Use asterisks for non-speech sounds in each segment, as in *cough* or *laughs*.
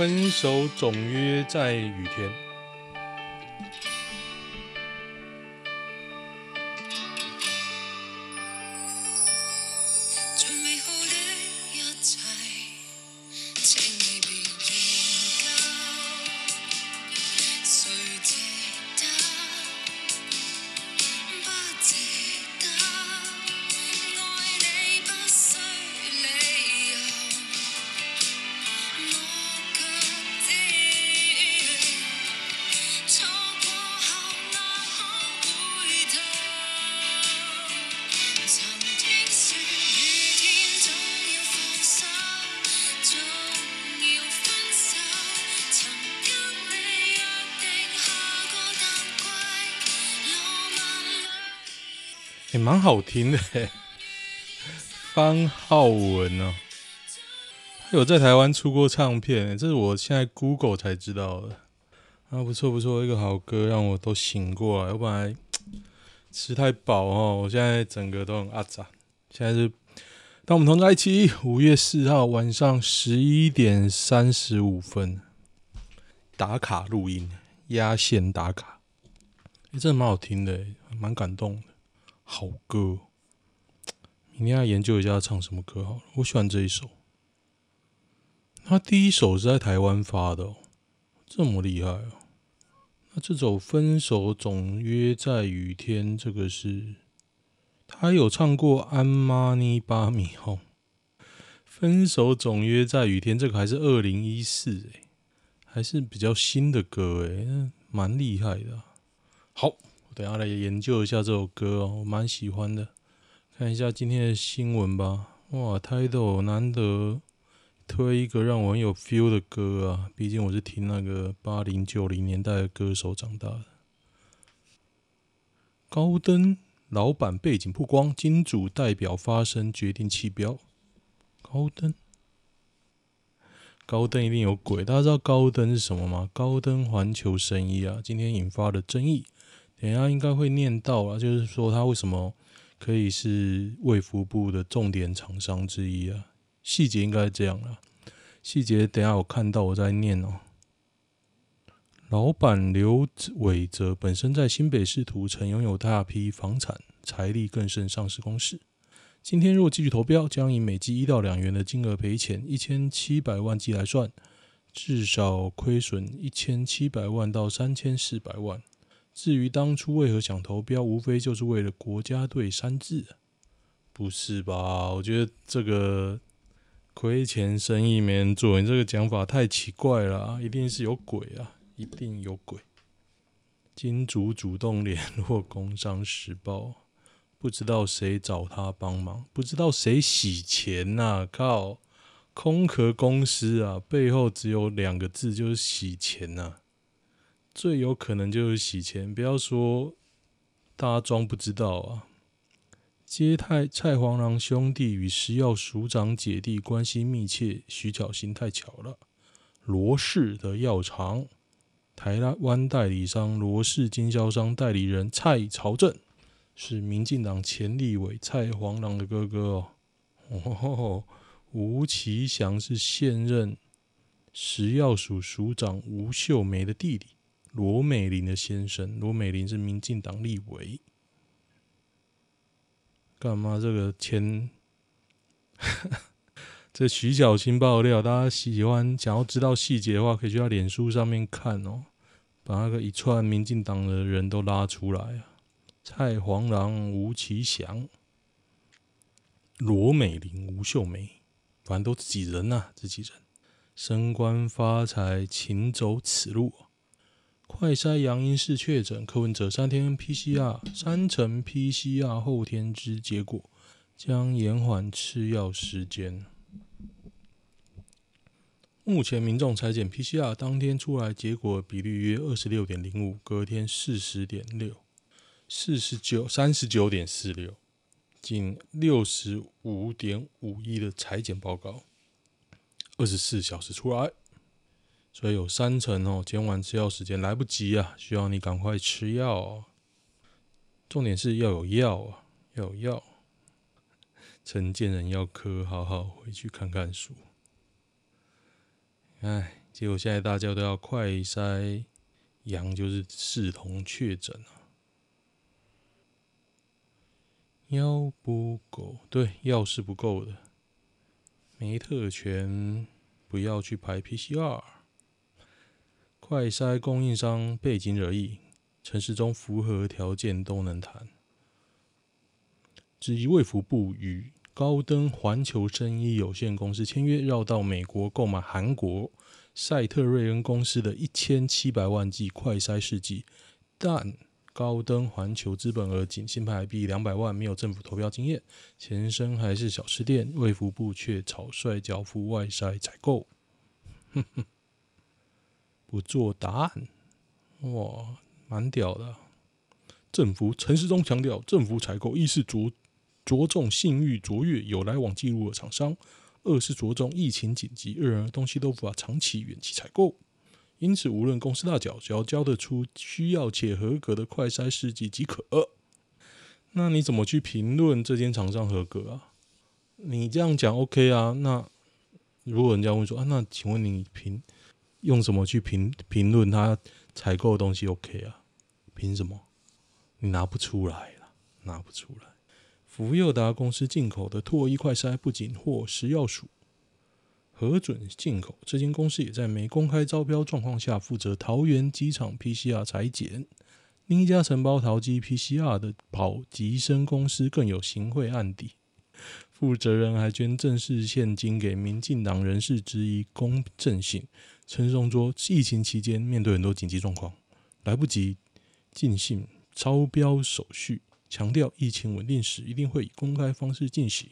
分手總約在雨天。也蠻、欸、好聽的，方皓玟哦、喔，還有在台灣出過唱片，這是我現在 Google 才知道的。啊，不錯不錯，一個好歌讓我都醒過來。我本來吃太飽哦、喔，我現在整個都很阿、啊、雜。現在是，當我們同在一起，五月四號晚上十一點三十五分打卡錄音，壓線打卡。誒、欸、真的蠻好聽的，蠻感動好歌，明天要研究一下唱什麼歌好了。我喜歡這一首，他第一首是在台灣發的、哦，這麼厲害哦，那這首《分手總約在雨天》這個是，他有唱過《阿瑪尼巴米哄》。哦《分手總約在雨天》這個還是二零一四，還是比較新的歌、欸，誒，蠻厲害的、啊。好。我等下來研究一下這首歌哦，我蠻喜歡的。看一下今天的新聞吧。哇，Title 難得推一個讓我很有 feel 的歌啊！畢竟我是聽那個八零九零年代的歌手長大的。高登老闆背景曝光，金主代表發聲決定棄標。高登，高登一定有鬼！大家知道高登是什麼嗎？高登環球生醫啊，今天引發了爭議。等一下應該會念到啊，就是說他為什麼可以是衛福部的重點廠商之一啊？細節應該這樣了，細節等一下我看到我再念哦。老闆劉偉則本身在新北市土城擁有大批房產，財力更甚上市公司。今天如果繼續投標，將以每季一到兩元的金額賠錢，一千七百萬計來算，至少虧損一千七百萬到三千四百萬。至於當初為何想投標，無非就是為了國家隊三字啊，不是吧？我覺得這個虧錢生意沒人做，你這個講法太奇怪了啊，一定是有鬼啊！一定有鬼！金主主動聯絡《工商時報》，不知道誰找他幫忙，不知道誰洗錢吶啊！靠，空殼公司啊，背後只有兩個字，就是洗錢吶啊！最有可能就是洗錢，不要說大家裝不知道啊！接太蔡煌瑯兄弟與食藥署長姐弟關係密切，徐巧芯太巧了。羅氏的藥廠，台灣代理商羅氏經銷商代理人蔡朝正，是民進黨前立委蔡煌瑯的哥哥哦。哦吳其祥是現任食藥署署長吳秀梅的弟弟。羅美玲的先生，羅美玲是民進黨立委。幹嘛這個簽？ *laughs* 這徐小清爆料，大家喜歡想要知道細節的話，可以去他臉書上面看哦。把那個一串民進黨的人都拉出來啊！蔡黃郎、吳奇祥、羅美玲無秀、吳秀梅，反正都自己人吶、啊？自己人。升官發財，請走此路。快篩陽陰室確診，可問者三天 PCR，三成 PCR 後天之結果將延緩吃藥時間。目前民眾採檢 PCR 當天出來結果比例約二十六點零五，隔天四十點六，四十九三十九點四六，僅六十五點五一的採檢報告，二十四小時出來。所以有三層哦，今晚吃藥時間來不及啊，需要你趕快吃藥，哦。重點是要有藥啊，要有藥。陳賤人要科，好好回去看看書。哎，結果現在大家都要快篩，陽就是視同確診啊。藥不夠，對，藥是不夠的。沒特權，不要去排 PCR。快篩供應商背景惹議，陳時中符合條件都能談。至於衛福部與高登環球生醫有限公司簽約，繞道美國購買韓國賽特瑞恩公司的一千七百萬劑快篩試劑，但高登環球資本額僅新台幣兩百萬，沒有政府投標經驗，前身還是小吃店，衛福部卻草率交付外篩採購。 *laughs* 不做答案，哇，蠻屌的啊。政府陳時中強調，政府採購一是着着重信譽卓越、有來往記錄的廠商；二是着重疫情緊急、二、任何東西都無法長期遠期採購。因此，無論公司大小，只要交得出需要且合格的快篩試劑即可，呃。那你怎麼去評論這間廠商合格啊？你這樣講 OK 啊？那如果人家問說啊，那請問你評？用什麼去評評論他採購的東西？OK 啊？憑什麼？你拿不出來拿不出來。福佑達公司進口的唾液快篩不僅獲食藥署核准進口，這間公司也在沒公開招標狀況下負責桃園機場 PCR 採檢。另一家承包桃機 PCR 的寶吉生公司更有行賄案底，負責人還捐政治獻金給民進黨人士之一，公正性。陳時中說，疫情期間面對很多緊急狀況，來不及進行招標手續。強調疫情穩定時，一定會以公開方式進行。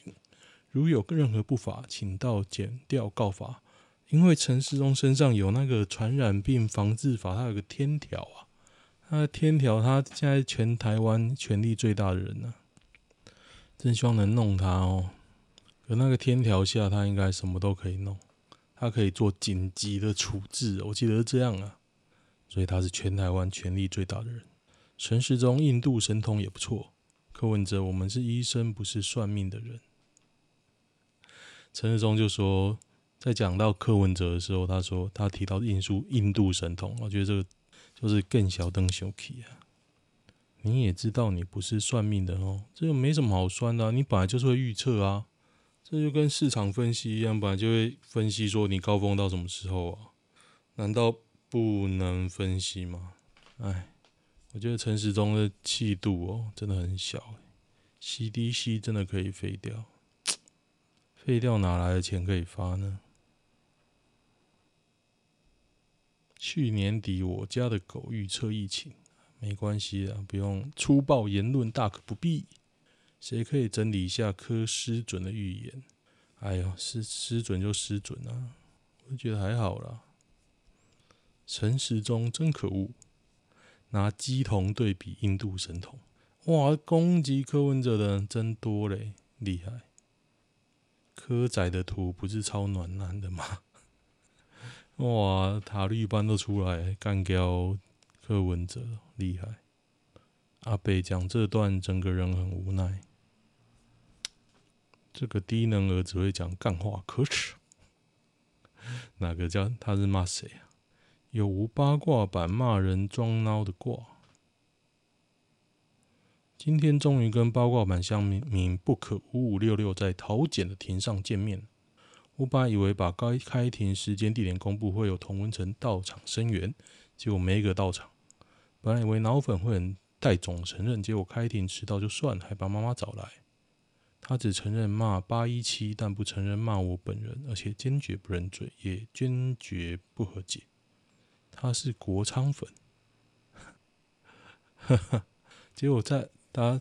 如有任何不法，請到檢調告發。因為陳時中身上有那個傳染病防治法，他有個天條啊。他的天條，他現在全台灣權力最大的人呢、啊。真希望能弄他哦。可那個天條下，他應該什麼都可以弄。他可以做緊急的處置，我記得是這樣啊，所以他是全台灣權力最大的人。陳時中、印度神童也不錯。柯文哲，我們是醫生，不是算命的人。陳時中就說，在講到柯文哲的時候，他說他提到印度印度神童，我覺得這個就是更小燈小奇啊。你也知道，你不是算命的哦，這個沒什麼好算的啊，你本來就是會預測啊。這就跟市場分析一樣，本來就會分析說你高峰到什麼時候啊？難道不能分析嗎？哎，我覺得陳時中的氣度哦真的很小，CDC 真的可以廢掉，廢掉哪來的錢可以發呢？去年底我家的狗預測疫情，沒關係啊，不用粗暴言論，大可不必。誰可以整理一下柯失準的預言？哎呦，失失準就失準啊！我覺得還好啦。陳時中真可惡，拿雞同對比印度神童，哇！攻擊柯文哲的人真多嘞，厲害！柯仔的圖不是超暖男的嗎？哇，塔綠班都出來，幹掉柯文哲，厲害！阿北講這段，整個人很無奈。這個低能兒只會講幹話，可恥！ *laughs* 哪個叫他日媽誰啊？有無八卦版罵人裝孬的卦？今天終於跟八卦版相名不可五五六六在桃檢的庭上見面。烏爸以為把該開庭時間地點公布，會有童文成到場聲援，結果沒一個到場。本來以為腦粉會很帶種承認，結果開庭遲到就算，還把媽媽找來。他只承認罵八一七，但不承認罵我本人，而且堅決不認罪，也堅決不和解。他是國昌粉，哈哈。結果在他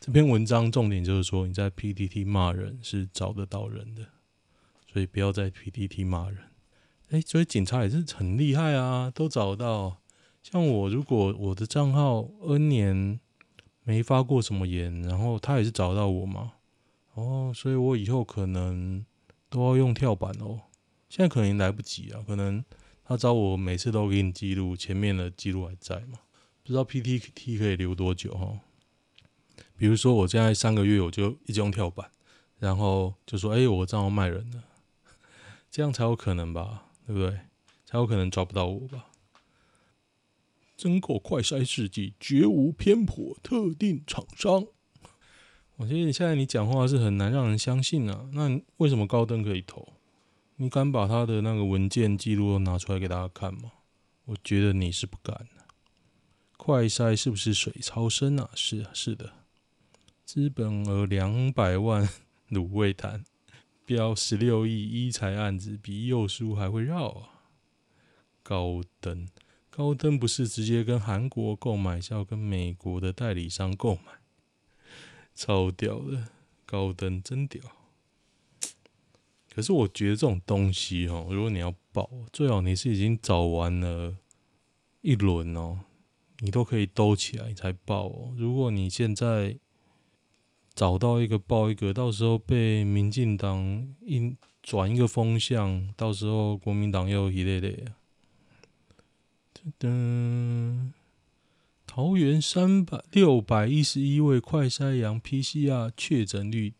這篇文章重點就是說，你在 PTT 罵人是找得到人的，所以不要在 PTT 罵人。哎、欸，所以警察也是很厲害啊，都找得到。像我，如果我的賬號 N 年沒發過什麼言，然後他也是找到我嘛。哦，oh，所以我以後可能都要用跳板哦。現在可能來不及啊，可能他找我每次都給你記錄前面的記錄還在嘛？不知道 PTT 可以留多久哈、哦？比如說我現在三個月我就一直用跳板，然後就說哎、欸，我正好賣人了，這樣才有可能吧？對不對？才有可能抓不到我吧？經過快篩試劑，絕無偏頗，特定廠商。我覺得你現在你講話是很難讓人相信啊，那為什麼高登可以投？你敢把他的那個文件記錄都拿出來給大家看嗎？我覺得你是不敢的、啊。快篩是不是水超深啊？是啊是的，資本額兩百萬滷味攤，標十六億一財案子比右叔還會繞啊。高登高登不是直接跟韓國購買，是要跟美國的代理商購買。超屌的，高登真屌。可是我覺得這種東西吼，如果你要爆，最好你是已經找完了一輪喔，你都可以兜起來你才爆喔。如果你現在找到一個爆一個，到時候被民進黨一轉一個風向，到時候國民黨又一累累啊。噔噔。桃園三百六百一十一位快篩陽 PCR 確診率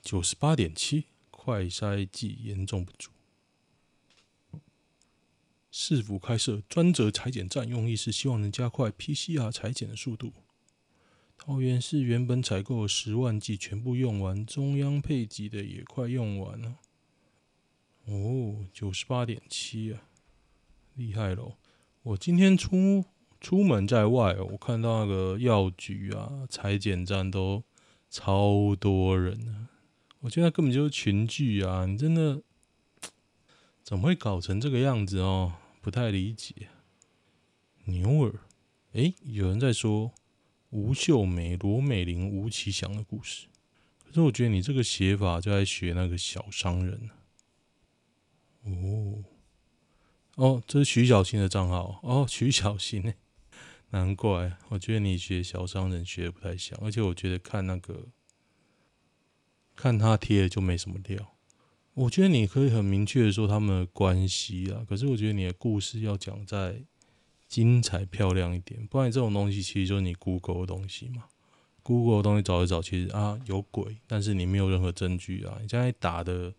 九十八點七，快篩劑嚴重不足。市府開設專責採檢站，用意是希望能加快 PCR 採檢的速度。桃園市原本採購十萬劑，全部用完，中央配給的也快用完了。哦，九十八點七啊，厲害嘍！我今天出。出門在外，我看到那個藥局啊、採檢站都超多人啊！我現在根本就是群聚啊！你真的怎麼會搞成這個樣子哦？不太理解。牛爾，誒、欸，有人在說吳秀梅、羅美玲、吳奇祥的故事，可是我覺得你這個寫法就在學那個小商人、啊、哦，哦，這是徐小新的賬號哦，徐小新、欸。難怪，我覺得你學小商人學的不太像，而且我覺得看那個看他貼的就沒什麼料。我覺得你可以很明確的說他們的關係啊，可是我覺得你的故事要講再精彩漂亮一點，不然這種東西其實就是你 Google 的東西嘛，Google 的東西找一找，其實啊有鬼，但是你沒有任何證據啊，你現在打的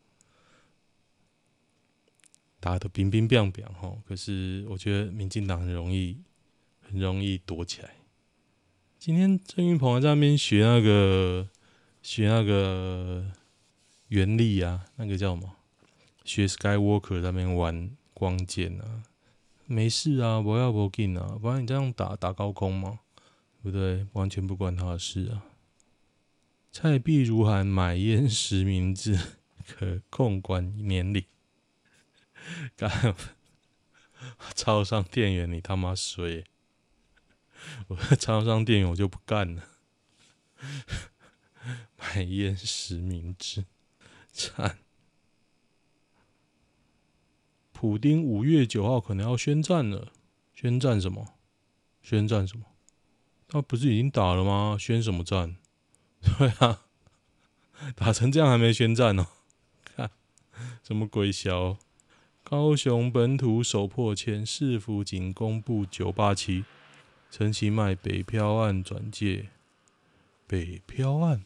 打的冰冰冰冰，哈，可是我覺得民進黨很容易。很容易躲起來。今天鄭雲鵬在那邊學那個學那個原力啊，那個叫什麼？學 Skywalker 在那邊玩光劍啊？沒事啊，不要不要緊啊，不然你這樣打打高空嘛，對不對？完全不關他的事啊。蔡碧如喊買菸實名制可控管年齡。幹，超商店員你他媽衰！我唱上電影，我就不幹了。買菸實名制，慘。普丁五月九號可能要宣戰了，宣戰什麼？宣戰什麼？他不是已經打了嗎？宣什麼戰？對啊，打成這樣還沒宣戰呢？看什麼鬼？小高雄本土首破千，市府僅公布九八七。陳其邁北漂案轉介，北漂案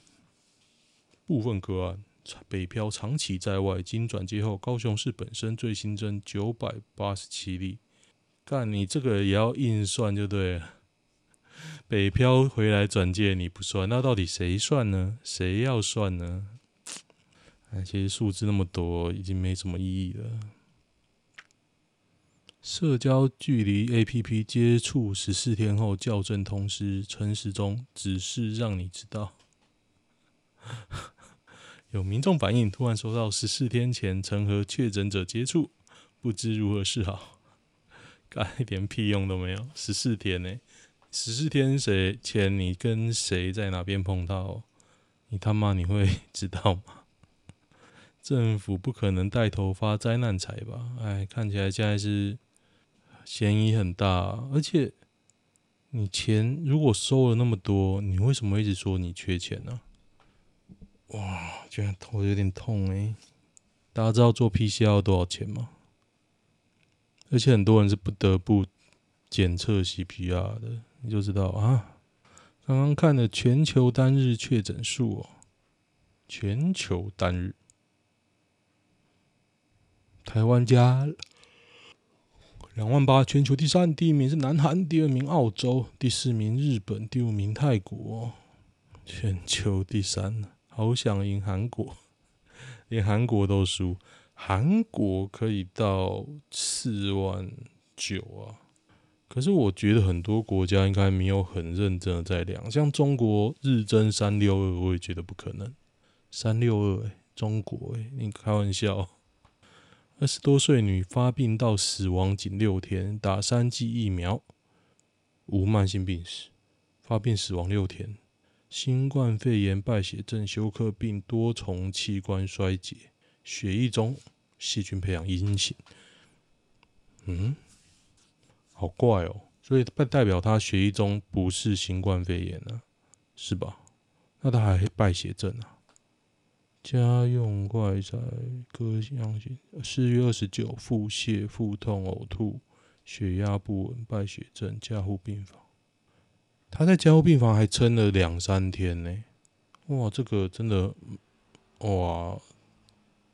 部分個案，北漂長期在外，經轉介後，高雄市本身最新增九百八十七例。看你這個也要硬算就對了。北漂回來轉介你不算，那到底誰算呢？誰要算呢？哎，其實數字那麼多，已經沒什麼意義了。社交距離 APP 接觸十四天後校正通知，陳時中只是讓你知道， *laughs* 有民眾反映突然收到十四天前曾和確診者接觸，不知如何是好。幹一點屁用都沒有，十四天呢、欸？十四天誰前你跟誰在哪邊碰到？你他媽你會知道嗎？ *laughs* 政府不可能帶頭發災難財吧？哎，看起來現在是。嫌疑很大，而且你錢如果收了那麼多，你為什麼一直說你缺錢呢、啊？哇，居然頭有點痛誒、欸。大家知道做 PCR 多少錢嗎？而且很多人是不得不檢測 CPR 的，你就知道啊。剛剛看了全球單日確診數哦，全球單日，台灣加。兩萬八，28, 000，全球第三。第一名是南韓，第二名澳洲，第四名日本，第五名泰國。全球第三，好想贏韓國，連韓國都輸。韓國可以到四萬九啊，可是我覺得很多國家應該沒有很認真的在量，像中國日增三六二，我也覺得不可能。三六二欸，中國，欸，你開玩笑。二十多歲女發病到死亡僅六天，打三劑疫苗，無慢性病史，發病死亡六天，新冠肺炎敗血症休克並多重器官衰竭，血液中細菌培養陰性。嗯，好怪哦，所以不代表她血液中不是新冠肺炎啊，是吧？那她還敗血症啊？家用怪才，割相眼，四月二十九，腹瀉、腹痛、嘔吐、血壓不穩、敗血症，加護病房。他在加護病房還撐了兩三天呢！哇，這個真的，哇，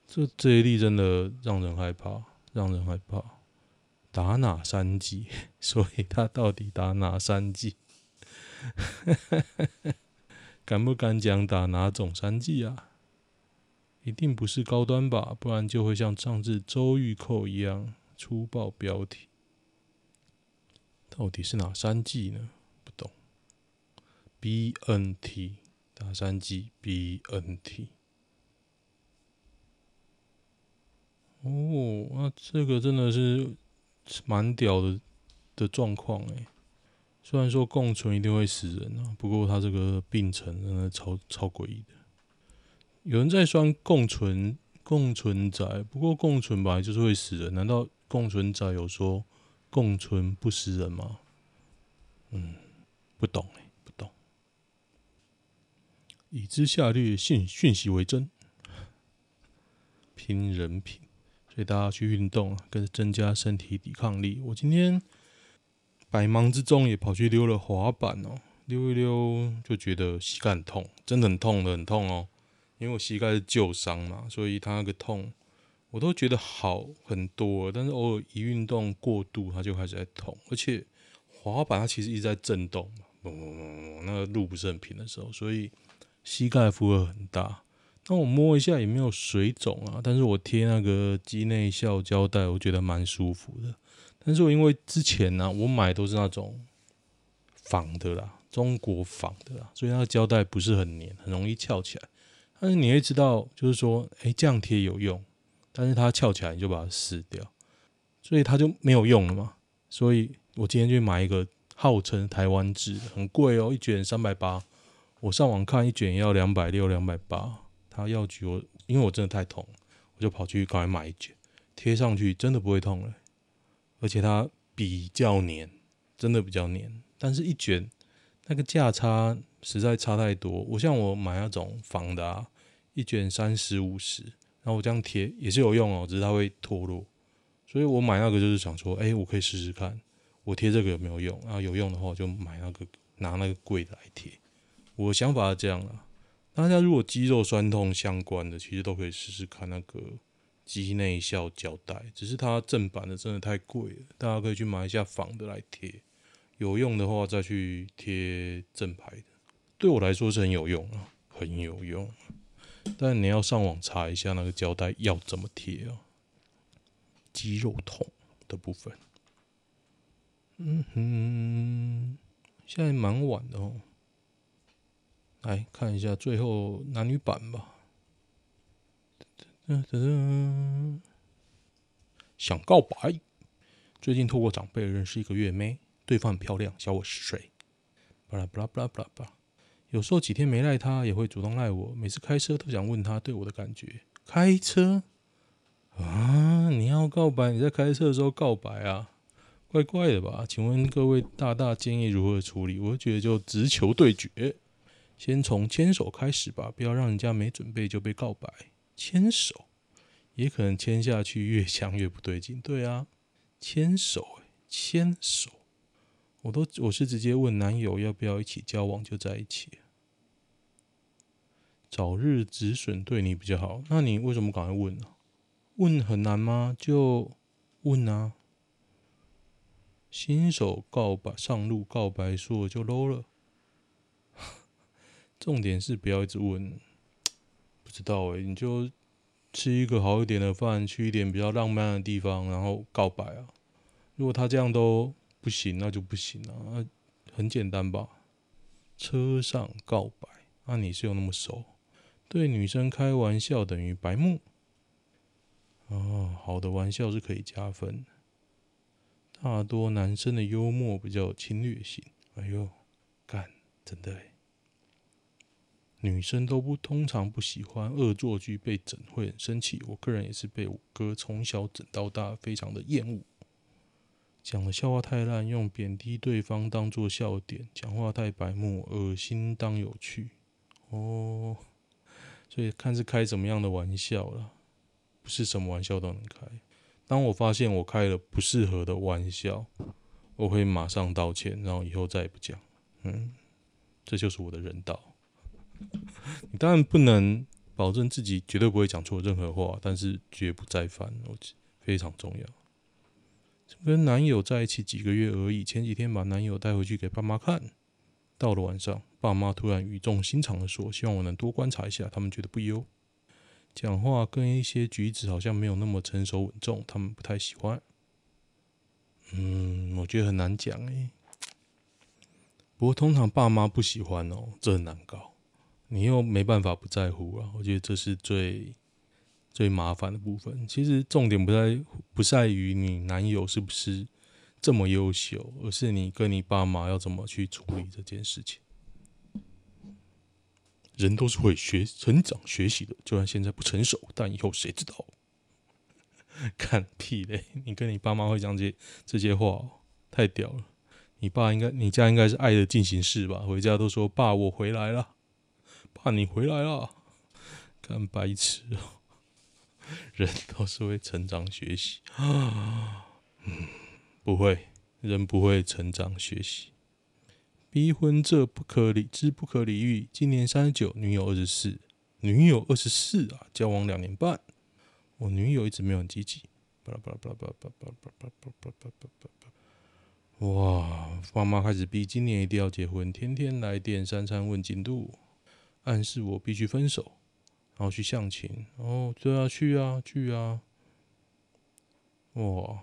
這這一例真的讓人害怕，讓人害怕。打哪三劑？所以他到底打哪三劑？ *laughs* 敢不敢講打哪種三劑啊？一定不是高端吧，不然就會像上次周玉蔻一樣粗暴標題。到底是哪三劑呢？不懂。BNT 打三劑，BNT。哦，那、啊、這個真的是蠻屌的的狀況哎。雖然說共存一定會死人啊，不過他這個病程真的超超詭異的。有人在酸共存共存宅，不過共存本來就是會死人，難道共存宅有說共存不死人嗎？嗯，不懂哎、欸，不懂。已知下列信訊息為真，拼人品，所以大家去運動啊，更增加身體抵抗力。我今天百忙之中也跑去溜了滑板哦、喔，溜一溜就覺得膝蓋很痛，真的很痛的很痛哦、喔。因為我膝蓋是舊傷嘛，所以它那個痛，我都覺得好很多。但是偶爾一運動過度，它就開始在痛。而且滑板它其實一直在震動，嗡嗡，那個路不是很平的時候，所以膝蓋負荷很大。那我摸一下也沒有水腫啊，但是我貼那個肌內效膠帶，我覺得蠻舒服的。但是我因為之前呢、啊，我買都是那種仿的啦，中國仿的啦，所以那個膠帶不是很粘，很容易翹起來。但是你會知道，就是說，哎、欸，這樣貼有用，但是它翹起來，你就把它撕掉，所以它就沒有用了嘛。所以，我今天就買一個號稱台灣製，很貴哦，一卷三百八。我上網看，一卷要兩百六、兩百八。他要幾我？因為我真的太痛，我就跑去趕快買一卷，貼上去真的不會痛了，而且它比較黏，真的比較黏。但是一卷。那個價差實在差太多，我像我買那種仿的啊，一卷三十五十，然後我這樣貼也是有用哦，只是它會脫落，所以我買那個就是想說，哎、欸，我可以試試看，我貼這個有沒有用，然後有用的話我就買那個拿那個貴的來貼。我的想法是這樣啊。大家如果肌肉痠痛相關的，其實都可以試試看那個肌內效膠帶，只是它正版的真的太貴了，大家可以去買一下仿的來貼。有用的話，再去貼正牌的。對我來說是很有用啊，很有用。但你要上網查一下那個膠帶要怎麼貼啊。肌肉痛的部分。嗯哼，現在蠻晚的哦。來看一下最後男女版吧。噔噔噔，想告白。最近透過長輩認識一個月妹。對方很漂亮，小我十歲。巴拉巴拉巴拉巴拉，有時候幾天沒賴他，也會主動賴我。每次開車都想問他對我的感覺。開車啊？你要告白？你在開車的時候告白啊？怪怪的吧？請問各位大大建議如何處理？我覺得就直球對決，先從牽手開始吧，不要讓人家沒準備就被告白。牽手，也可能牽下去越牽越不對勁。對啊，牽手、欸，牽手。我都我是直接問男友要不要一起交往，就在一起、啊，早日止損對你比較好。那你為什麼趕快問呢？啊？問很難嗎？就問啊。新手告白上路告白說，我就 low 了。重點是不要一直問，不知道哎，欸，你就吃一個好一點的飯，去一點比較浪漫的地方，然後告白啊。如果他這樣都。不行，那就不行了、啊。很簡單吧，車上告白。那、啊、你是有那麼熟？對女生開玩笑等於白目。哦，好的，玩笑是可以加分。大多男生的幽默比較侵略性。哎呦，幹，真的嘞。女生都不通常不喜歡惡作劇，被整會很生氣。我個人也是被我哥從小整到大，非常的厭惡。講的笑話太爛，用貶低對方當作笑點，講話太白目，噁心當有趣。哦，所以看是開什麼樣的玩笑啦，不是什麼玩笑都能開。當我發現我開了不適合的玩笑，我會馬上道歉，然後以後再也不講。嗯，這就是我的人道。你當然不能保證自己絕對不會講錯任何話，但是絕不再犯，我非常重要。跟男友在一起幾個月而已，前幾天把男友帶回去給爸媽看。到了晚上，爸媽突然語重心長的說：“希望我能多觀察一下，他們覺得不優。”講話跟一些舉止好像沒有那麼成熟穩重，他們不太喜歡。嗯，我覺得很難講欸。不過通常爸媽不喜歡哦，這很難搞。你又沒辦法不在乎啊，我覺得這是最最麻煩的部分。其實重點不在。不在於你男友是不是這麼優秀，而是你跟你爸媽要怎麼去處理這件事情。人都是會學、成長、學習的，就算現在不成熟，但以後誰知道？看 *laughs* 屁嘞！你跟你爸媽會講這些這些話、哦，太屌了。你爸應該，你家應該是愛的進行式吧？回家都說：“爸，我回來了。”“爸，你回來了。”幹白痴。人都是會成長學習啊，嗯，不會，人不會成長學習。逼婚這不可理喻，不可理喻。今年三十九，女友二十四，女友二十四啊，交往兩年半，我女友一直沒有很積極。哇，爸媽開始逼，今年一定要結婚，天天來電三餐問進度，暗示我必須分手。然後去相親，哦，對啊，去啊，去啊！哇，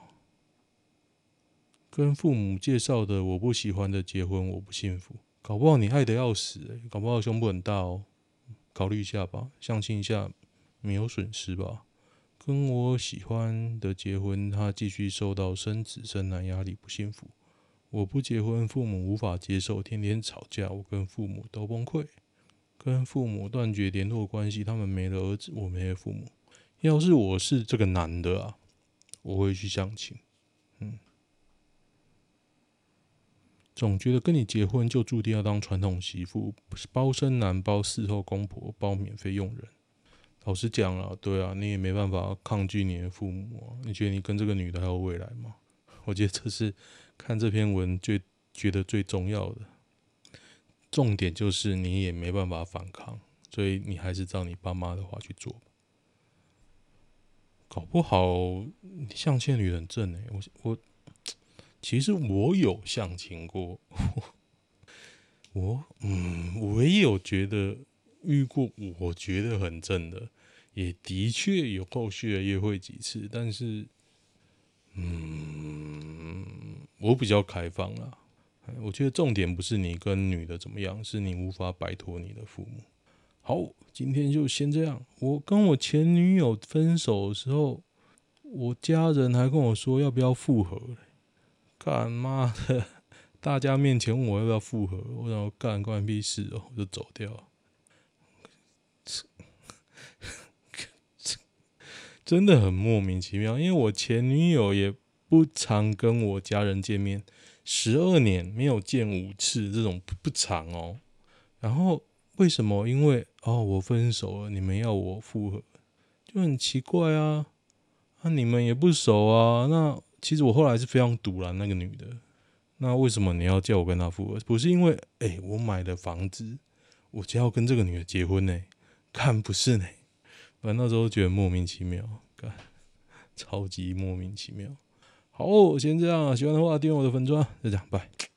跟父母介紹的我不喜歡的結婚，我不幸福。搞不好你愛得要死，欸，搞不好胸部很大哦，考慮一下吧，相親一下，沒有損失吧？跟我喜歡的結婚，他繼續受到生子生男壓力，不幸福。我不結婚，父母無法接受，天天吵架，我跟父母都崩潰。跟父母斷絕聯絡關係，他們沒了兒子，我沒了父母。要是我是這個男的啊，我會去相親。嗯，總覺得跟你結婚就注定要當傳統媳婦，包生男，包伺候公婆，包免費傭人。老實講啊，對啊，你也沒辦法抗拒你的父母啊。你覺得你跟這個女的還有未來嗎？我覺得這是看這篇文最覺得最重要的。重點就是你也沒辦法反抗，所以你還是照你爸媽的話去做吧。搞不好相親女很正哎，欸，我我其實我有相親過，呵呵我嗯，也有覺得遇過我覺得很正的，也的確有後續的約會幾次，但是嗯，我比較開放啊。我覺得重點不是你跟女的怎麼樣，是你無法擺脫你的父母。好，今天就先這樣。我跟我前女友分手的時候，我家人還跟我說要不要複合欸、幹、媽的，大家面前問我要不要複合？我想要幹關屁事哦，我就走掉。真的很莫名其妙，因為我前女友也不常跟我家人見面。十二年沒有見五次，這種不不長哦。然後為什麼？因為哦，我分手了，你們要我復合，就很奇怪啊。那、啊、你們也不熟啊。那其實我後來是非常阻攔那個女的。那為什麼你要叫我跟她復合？不是因為哎、欸，我買了房子，我就要跟這個女的結婚呢？看不是呢。反正那時候覺得莫名其妙，看超級莫名其妙。好，先這樣。喜歡的話，訂閱我的粉專。就這樣，拜、拜。